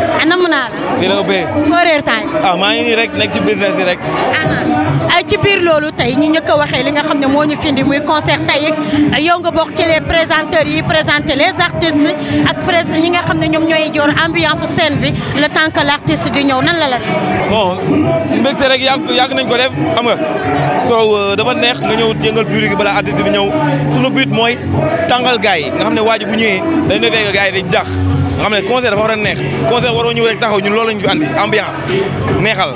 a ah, naa la. di la ubbee. foo ah, maa ngi nii rek nekk ci business yi rek. Ah, ay ci biir loolu tey ñi njëkk waxee li nga xam ne moo ñu findi muy concert tey yow nga bokk ci les présenteurs yi présenter les artistes ak presse ñi nga xam ne ñoom ñoo joor ambiance scène bi le temps que l' artiste di ñëw nan la la. bon mbégte rek yàgg yàgg nañ ko def xam nga soo euh, dafa neex nga ñëw jëngal public bi balaa artiste bi ñëw suñu but mooy tàngal gars yi nga xam ne waa ji bu ñëwee dañu ne fekk gars yi nga xam ne concert dafa war a neex concert waroo ñëw rek taxaw ñun loolu lañu fi andi ambiance neexal.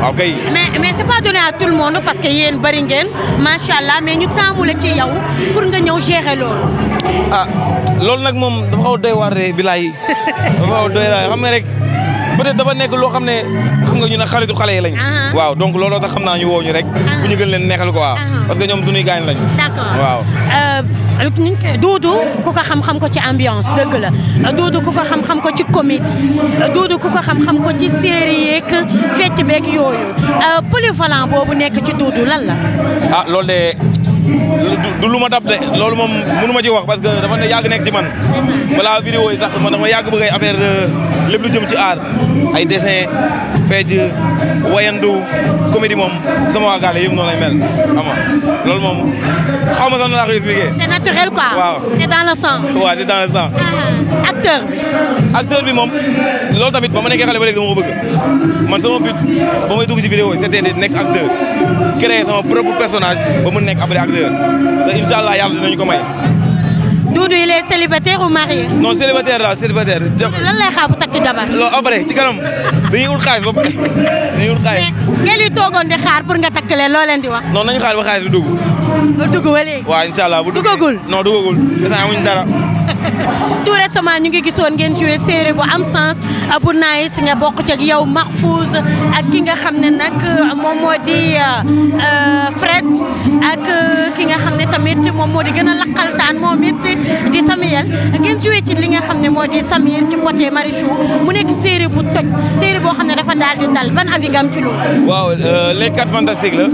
waaw mm. kay. mais mais c'est pas donné à parce que yéen bëri ngeen macha allah mais ñu taamu la ci yow pour nga ñëw gérer loolu. ah loolu nag moom dafa xaw doy waar de bilaay dafa xaw doy waar xam nga rek peut-être dafa nekk loo xam ne xam nga ñu ne xaritu xale yi lañ ah. waaw donc looloo tax xam naa ñu wooñu rek. bu ah. ñu gën leen neexal quoi. Ah. parce que ñoom suñuy gaañ lañ. d'accord ni ñu koy duudu ku ko xam-xam ko ci ambiance dëgg la duudu ku ko xam-xam ko ci comédie duudu ku ko xam-xam ko ci série yeeg fecc beeg yooyu euh, polyvalent boobu nekk ci duudu lan la ah, du lu ma dab de loolu moom mënu ma ci wax parce que dafa ne yàgg nekk ci man balaa vidéo yi sax man dama yàgg bëgg ay affaire euh, lépp lu jëm ci aar ay dessin feej wayandu comédie moom sama waa gaale yëpp noonu lay mel loolu moom xaw ma sax na laa koy expliqué. c'est naturel quoi. waaw c'est dans le sang. waaw c'est le sang. Ah, ah. acteur bi. bi moom loolu tamit ba ma nekkee xale ba léegi dama ko bëgg man sama but ba may dugg ci vidéo yi c'était nekk acteur créer sama propre personnage ba mën nekk après acteur. leader te incha allah yàlla dinañu ko may. Doudou il est célibataire ou marié. non célibataire daal célibataire. lan lay xaar bu takk jabar. loolu après ci kanam dañuy ut xaalis ba pare dañuy ut xaalis. mais ngeen di toogoon di xaar pour nga takk leen loo leen di wax. non nañu xaar ba xaalis bi dugg. ba dugg ba léegi. waaw incha allah bu duggagul duggagul. non duggagul gis naa amuñu dara. tout récemment ñu ngi gisoon ngeen joué série bu am sens bu nice nga bokk ci ak yow Mahfouz ak ki nga xam ne nag moom moo di euh, euh, Fred ak euh, ki nga métti moom moo di gën a laqal taan moo métti di Samuel ngeen joué ci li nga xam ne moo di Samuel ci poté Marichou mu nekk série toj série xam ne dafa daal di dal ban avis nga am ci waaw euh, les quatre fantastiques la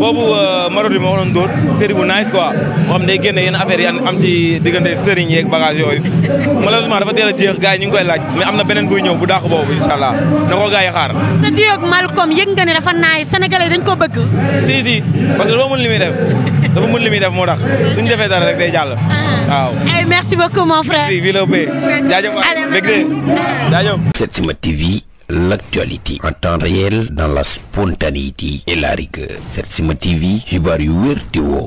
boobu euh, Marodi moo doon dóor série nice quoi moo xam day génne yenn affaire yi am ci diggante sëriñ yeeg bagage yooyu malheureusement dafa teel a jeex gars koy laaj mais am na beneen buy ñëw bu dàq boobu incha na ko gars xaar. sa diog Malcom yëg moo tax suñu defee dara rek day jàll. Ah. waaw ay eh, merci mon frère. oui vilo P. jaajëf waay bëgg de jaajëf. Setsima TV. L'actualité en temps réel dans la spontanéité et la rigueur. Setsima yu